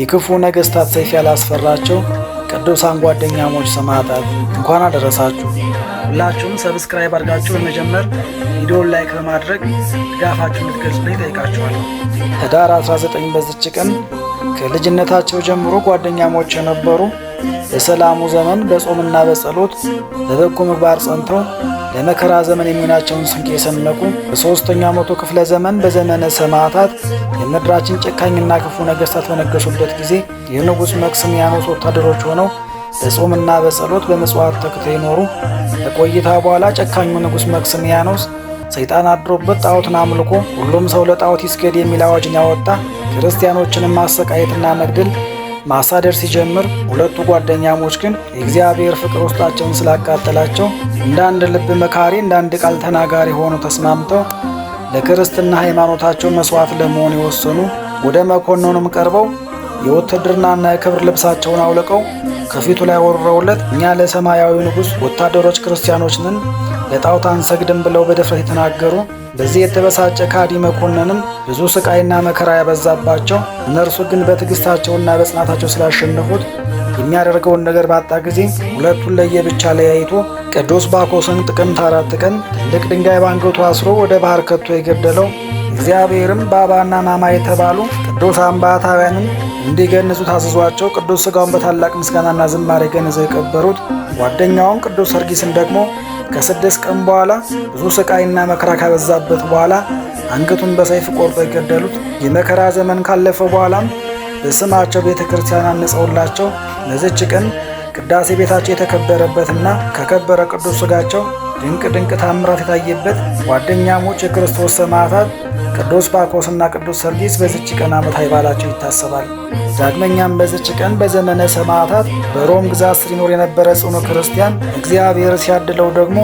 የክፉ ነገሥታት ሰይፍ ያላስፈራቸው ቅዱሳን ጓደኛሞች ሰማዕታት እንኳን አደረሳችሁ። ሁላችሁም ሰብስክራይብ አድርጋችሁ በመጀመር ቪዲዮን ላይክ በማድረግ ድጋፋችሁን ልትገልጹልኝ ጠይቃችኋል። ህዳር 19 በዝች ቀን ከልጅነታቸው ጀምሮ ጓደኛሞች የነበሩ የሰላሙ ዘመን በጾምና በጸሎት በበጎ ምግባር ጸንተው ለመከራ ዘመን የሚሆናቸውን ስንቅ የሰነቁ በሦስተኛው መቶ ክፍለ ዘመን በዘመነ ሰማዕታት የምድራችን ጨካኝና ክፉ ነገሥታት በነገሱበት ጊዜ የንጉሥ መክስሚያኖስ ወታደሮች ሆነው በጾምና በጸሎት በመጽዋት ተክተ ይኖሩ። ከቆይታ በኋላ ጨካኙ ንጉሥ መክስሚያኖስ ሰይጣን አድሮበት ጣዖትን አምልኮ ሁሉም ሰው ለጣዖት ይስገድ የሚል አዋጅን ያወጣ፣ ክርስቲያኖችንም ማሰቃየትና መግደል ማሳደር ሲጀምር ሁለቱ ጓደኛሞች ግን የእግዚአብሔር ፍቅር ውስጣቸውን ስላቃጠላቸው እንደ አንድ ልብ መካሪ፣ እንደ አንድ ቃል ተናጋሪ ሆኖ ተስማምተው ለክርስትና ሃይማኖታቸው መስዋዕት ለመሆን የወሰኑ ወደ መኮንኑም ቀርበው የውትድርናና የክብር ልብሳቸውን አውልቀው ከፊቱ ላይ ወርረውለት እኛ ለሰማያዊ ንጉሥ ወታደሮች ክርስቲያኖች ነን፣ ለጣዖት አንሰግድም ብለው በድፍረት የተናገሩ በዚህ የተበሳጨ ካዲ መኮንንም ብዙ ስቃይና መከራ ያበዛባቸው፣ እነርሱ ግን በትዕግሥታቸውና በጽናታቸው ስላሸነፉት የሚያደርገውን ነገር ባጣ ጊዜ ሁለቱን ለየብቻ ለያይቶ ቅዱስ ባኮስን ጥቅምት አራት ቀን ትልቅ ድንጋይ ባንገቱ አስሮ ወደ ባህር ከቶ የገደለው እግዚአብሔርም ባባና ማማ የተባሉ ቅዱስ አምባታውያንን እንዲገንዙ ታዘዟቸው። ቅዱስ ሥጋውን በታላቅ ምስጋናና ዝማሬ ገንዘው የቀበሩት ጓደኛውን ቅዱስ ሰርጊስን ደግሞ ከስድስት ቀን በኋላ ብዙ ስቃይና መከራ ካበዛበት በኋላ አንገቱን በሰይፍ ቆርጦ የገደሉት የመከራ ዘመን ካለፈ በኋላም በስማቸው ቤተ ክርስቲያን አነጸውላቸው። ለዚች ቀን ቅዳሴ ቤታቸው የተከበረበትና ከከበረ ቅዱስ ሥጋቸው ድንቅ ድንቅ ታምራት የታየበት ጓደኛሞች የክርስቶስ ሰማዕታት ቅዱስ ባኮስና ቅዱስ ሰርጊስ በዚች ቀን ዓመታዊ በዓላቸው ይታሰባል። ዳግመኛም በዚች ቀን በዘመነ ሰማዕታት በሮም ግዛት ስር ይኖር የነበረ ጽኑ ክርስቲያን እግዚአብሔር ሲያድለው ደግሞ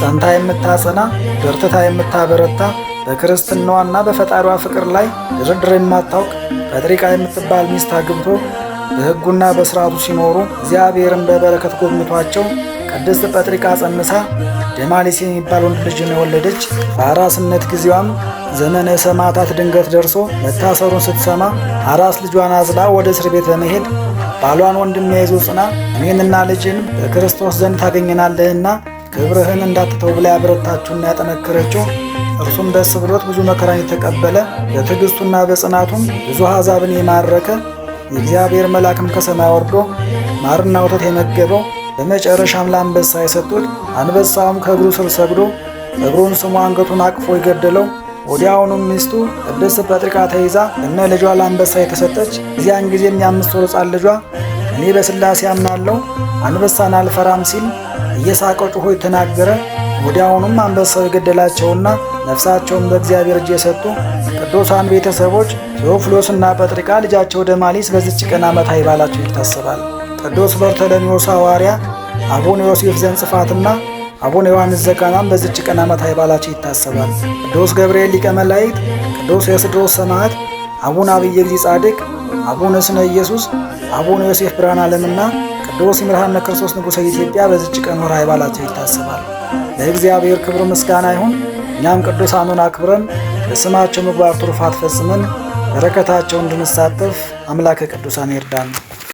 ጸንታ የምታጸና በርትታ የምታበረታ በክርስትናዋና በፈጣሪዋ ፍቅር ላይ ድርድር የማታውቅ ጴጥሪቃ የምትባል ሚስት አግብቶ በሕጉና በሥርዓቱ ሲኖሩ እግዚአብሔርን በበረከት ጎብኝቷቸው ቅድስት ጴጥርቃ ጸንሳ ደማሊስ የሚባል ወንድ ልጅን የወለደች በአራስነት ጊዜዋም ዘመነ ሰማዕታት ድንገት ደርሶ መታሰሩን ስትሰማ አራስ ልጇን አዝላ ወደ እስር ቤት በመሄድ ባሏን ወንድም የይዞ ጽና እኔንና ልጅን በክርስቶስ ዘንድ ታገኘናለህና ክብርህን እንዳትተው ብላ ያበረታችሁና ያጠነከረችው እርሱም ደስ ብሎት ብዙ መከራን የተቀበለ በትዕግሥቱና በጽናቱም ብዙ አሕዛብን የማረከ የእግዚአብሔር መልአክም ከሰማይ ወርዶ ማርና ወተት የመገበው በመጨረሻም ለአንበሳ የሰጡት፣ አንበሳውም ከእግሩ ስር ሰግዶ እግሩን ስሞ አንገቱን አቅፎ የገደለው። ወዲያውኑም ሚስቱ ቅድስት ጴጥርቃ ተይዛ እነ ልጇ ለአንበሳ የተሰጠች። እዚያን ጊዜም የአምስት ወር ሕፃን ልጇ እኔ በስላሴ አምናለሁ አንበሳን አልፈራም ሲል እየሳቀ ጩኾ ተናገረ። ወዲያውኑም አንበሳው የገደላቸውና ነፍሳቸውን በእግዚአብሔር እጅ የሰጡ ቅዱሳን ቤተሰቦች ቴዎፍሎስና ጴጥርቃ ልጃቸው ደማሊስ በዚች ቀን ዓመታዊ በዓላቸው ይታሰባል። ቅዱስ በርተሎሜዎስ ሐዋርያ፣ አቡነ ዮሴፍ ዘንጽፋትና አቡነ ዮሐንስ ዘካናም በዚች ቀን ዓመታዊ በዓላቸው ይታሰባል። ቅዱስ ገብርኤል ሊቀ መላእክት፣ ቅዱስ የስድሮስ ሰማዕት፣ አቡነ አብየ እግዚእ ጻድቅ፣ አቡነ ስነ ኢየሱስ፣ አቡነ ዮሴፍ ብርሃን ዓለምና ቅዱስ ይምርሃነ ክርስቶስ ንጉሠ ኢትዮጵያ በዚች ቀን ወርኃዊ በዓላቸው ይታሰባል። ለእግዚአብሔር ክብር ምስጋና ይሁን። እኛም ቅዱሳኑን አክብረን በስማቸው ምግባር ትሩፋት ፈጽመን በረከታቸው እንድንሳተፍ አምላከ ቅዱሳን ይርዳን።